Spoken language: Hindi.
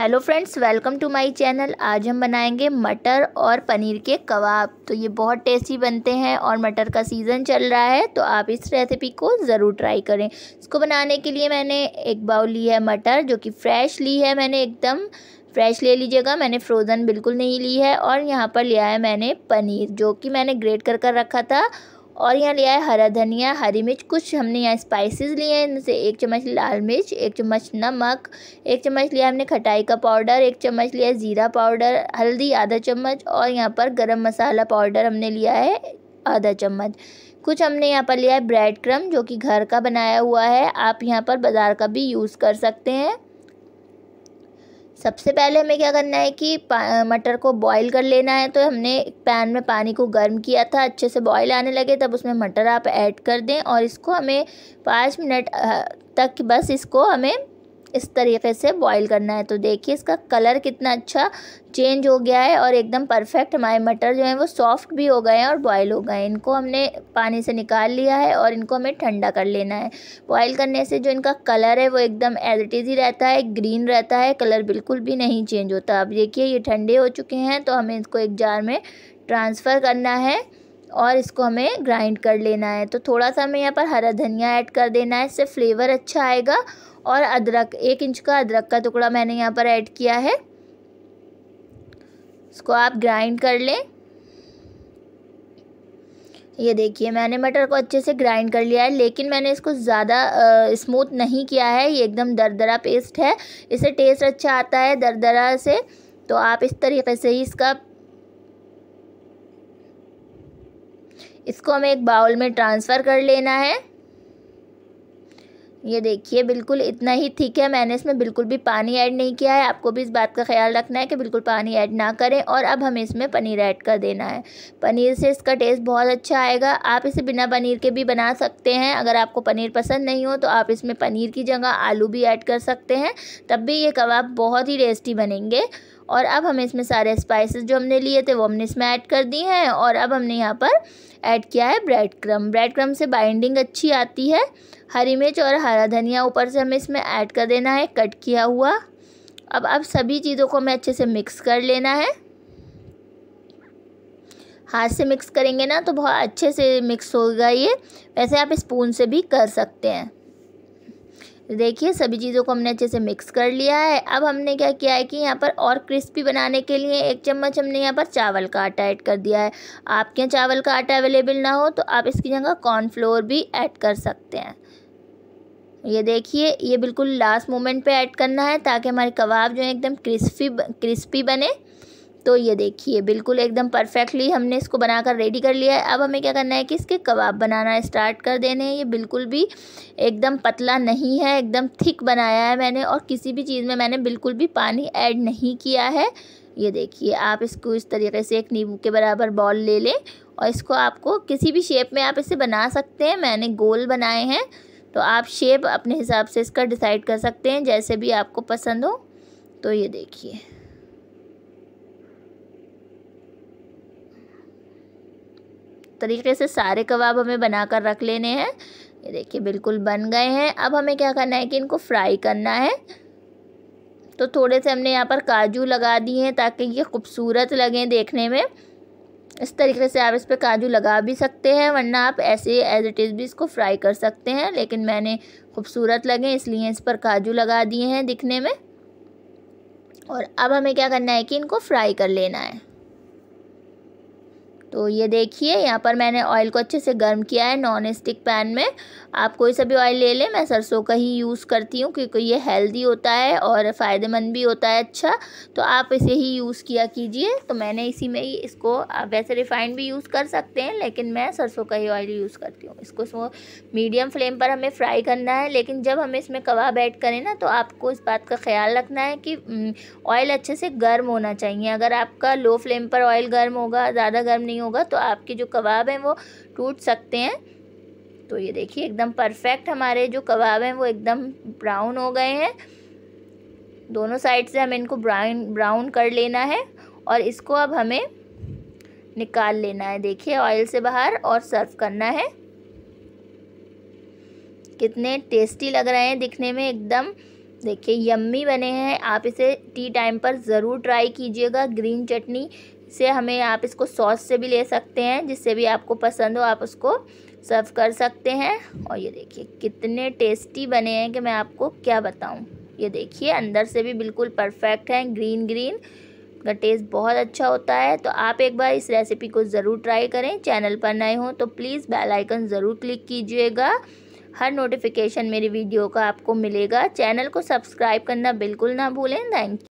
hello friends welcome to my channel आज हम बनाएंगे मटर और पनीर के कबाब तो ये बहुत टेस्टी बनते हैं और मटर का सीज़न चल रहा है तो आप इस रेसिपी को ज़रूर ट्राई करें इसको बनाने के लिए मैंने एक बाउल ली है मटर जो कि फ़्रेश ली है मैंने एकदम फ्रेश ले लीजिएगा मैंने फ्रोज़न बिल्कुल नहीं ली है और यहाँ पर लिया है मैंने पनीर जो कि मैंने ग्रेट कर कर रखा था और यहाँ लिया है हरा धनिया हरी मिर्च कुछ हमने यहाँ स्पाइसेस लिए हैं इनमें से एक चम्मच लाल मिर्च एक चम्मच नमक एक चम्मच लिया हमने खटाई का पाउडर एक चम्मच लिया ज़ीरा पाउडर हल्दी आधा चम्मच और यहाँ पर गरम मसाला पाउडर हमने लिया है आधा चम्मच कुछ हमने यहाँ पर लिया है ब्रेड क्रम जो कि घर का बनाया हुआ है आप यहाँ पर बाज़ार का भी यूज़ कर सकते हैं सबसे पहले हमें क्या करना है कि मटर को बॉईल कर लेना है तो हमने पैन में पानी को गर्म किया था अच्छे से बॉईल आने लगे तब उसमें मटर आप ऐड कर दें और इसको हमें पाँच मिनट तक बस इसको हमें इस तरीके से बॉईल करना है तो देखिए इसका कलर कितना अच्छा चेंज हो गया है और एकदम परफेक्ट हमारे मटर जो हैं वो सॉफ्ट भी हो गए हैं और बॉईल हो गए हैं इनको हमने पानी से निकाल लिया है और इनको हमें ठंडा कर लेना है बॉईल करने से जो इनका कलर है वो एकदम एज इट इज़ ही रहता है ग्रीन रहता है कलर बिल्कुल भी नहीं चेंज होता अब देखिए ये ठंडे हो चुके हैं तो हमें इसको एक जार में ट्रांसफ़र करना है और इसको हमें ग्राइंड कर लेना है तो थोड़ा सा हमें यहाँ पर हरा धनिया ऐड कर देना है इससे फ्लेवर अच्छा आएगा और अदरक एक इंच का अदरक का टुकड़ा मैंने यहाँ पर ऐड किया है इसको आप ग्राइंड कर लें ये देखिए मैंने मटर को अच्छे से ग्राइंड कर लिया है लेकिन मैंने इसको ज़्यादा स्मूथ नहीं किया है ये एकदम दरदरा पेस्ट है इसे टेस्ट अच्छा आता है दरदरा से तो आप इस तरीके से ही इसका इसको हमें एक बाउल में ट्रांसफ़र कर लेना है ये देखिए बिल्कुल इतना ही थिक है मैंने इसमें बिल्कुल भी पानी ऐड नहीं किया है आपको भी इस बात का ख्याल रखना है कि बिल्कुल पानी ऐड ना करें और अब हमें इसमें पनीर ऐड कर देना है पनीर से इसका टेस्ट बहुत अच्छा आएगा आप इसे बिना पनीर के भी बना सकते हैं अगर आपको पनीर पसंद नहीं हो तो आप इसमें पनीर की जगह आलू भी ऐड कर सकते हैं तब भी ये कबाब बहुत ही टेस्टी बनेंगे और अब हमें इसमें सारे स्पाइसेस जो हमने लिए थे वो हमने इसमें ऐड कर दिए हैं और अब हमने यहाँ पर ऐड किया है ब्रेड क्रम ब्रेड क्रम से बाइंडिंग अच्छी आती है हरी मिर्च और हरा धनिया ऊपर से हमें इसमें ऐड कर देना है कट किया हुआ अब अब सभी चीज़ों को हमें अच्छे से मिक्स कर लेना है हाथ से मिक्स करेंगे ना तो बहुत अच्छे से मिक्स होगा ये वैसे आप स्पून से भी कर सकते हैं तो देखिए सभी चीज़ों को हमने अच्छे से मिक्स कर लिया है अब हमने क्या किया है कि यहाँ पर और क्रिस्पी बनाने के लिए एक चम्मच हमने यहाँ पर चावल का आटा ऐड कर दिया है आपके यहाँ चावल का आटा अवेलेबल ना हो तो आप इसकी जगह कॉर्नफ्लोर भी ऐड कर सकते हैं ये देखिए ये बिल्कुल लास्ट मोमेंट पे ऐड करना है ताकि हमारे कबाब जो है एकदम क्रिस्पी क्रिस्पी बने तो ये देखिए बिल्कुल एकदम परफेक्टली हमने इसको बनाकर रेडी कर लिया है अब हमें क्या करना है कि इसके कबाब बनाना स्टार्ट कर देने हैं ये बिल्कुल भी एकदम पतला नहीं है एकदम थिक बनाया है मैंने और किसी भी चीज़ में मैंने बिल्कुल भी पानी ऐड नहीं किया है ये देखिए आप इसको इस तरीके से एक नींबू के बराबर बॉल ले लें और इसको आपको किसी भी शेप में आप इसे बना सकते हैं मैंने गोल बनाए हैं तो आप शेप अपने हिसाब से इसका डिसाइड कर सकते हैं जैसे भी आपको पसंद हो तो ये देखिए तरीके से सारे कबाब हमें बना कर रख लेने हैं ये देखिए बिल्कुल बन गए हैं अब हमें क्या करना है कि इनको फ्राई करना है तो थोड़े से हमने यहाँ पर काजू लगा दिए हैं ताकि ये खूबसूरत लगें देखने में इस तरीके से आप इस पर काजू लगा भी सकते हैं वरना आप ऐसे एज इट इज़ भी इसको फ्राई कर सकते हैं लेकिन मैंने खूबसूरत लगे इसलिए इस पर काजू लगा दिए हैं दिखने में और अब हमें क्या करना है कि इनको फ्राई कर लेना है तो ये देखिए यहाँ पर मैंने ऑयल को अच्छे से गर्म किया है नॉन स्टिक पैन में आप कोई सा भी ऑयल ले लें मैं सरसों का ही यूज़ करती हूँ क्योंकि ये हेल्दी होता है और फ़ायदेमंद भी होता है अच्छा तो आप इसे ही यूज़ किया कीजिए तो मैंने इसी में ही इसको आप वैसे रिफ़ाइंड भी यूज़ कर सकते हैं लेकिन मैं सरसों का ही ऑयल यूज़ करती हूँ इसको सो मीडियम फ्लेम पर हमें फ्राई करना है लेकिन जब हम इसमें कबाब ऐड करें ना तो आपको इस बात का ख्याल रखना है कि ऑयल अच्छे से गर्म होना चाहिए अगर आपका लो फ्लेम पर ऑयल गर्म होगा ज़्यादा गर्म नहीं नहीं होगा तो आपके जो कबाब हैं वो टूट सकते हैं तो ये देखिए एकदम परफेक्ट हमारे जो कबाब हैं वो एकदम ब्राउन हो गए हैं दोनों साइड से हमें इनको ब्राउन ब्राउन कर लेना है और इसको अब हमें निकाल लेना है देखिए ऑयल से बाहर और सर्व करना है कितने टेस्टी लग रहे हैं दिखने में एकदम देखिए यम्मी बने हैं आप इसे टी टाइम पर ज़रूर ट्राई कीजिएगा ग्रीन चटनी से हमें आप इसको सॉस से भी ले सकते हैं जिससे भी आपको पसंद हो आप उसको सर्व कर सकते हैं और ये देखिए कितने टेस्टी बने हैं कि मैं आपको क्या बताऊं ये देखिए अंदर से भी बिल्कुल परफेक्ट हैं ग्रीन ग्रीन का टेस्ट बहुत अच्छा होता है तो आप एक बार इस रेसिपी को ज़रूर ट्राई करें चैनल पर नए हों तो प्लीज़ बेल आइकन ज़रूर क्लिक कीजिएगा हर नोटिफिकेशन मेरी वीडियो का आपको मिलेगा चैनल को सब्सक्राइब करना बिल्कुल ना भूलें थैंक यू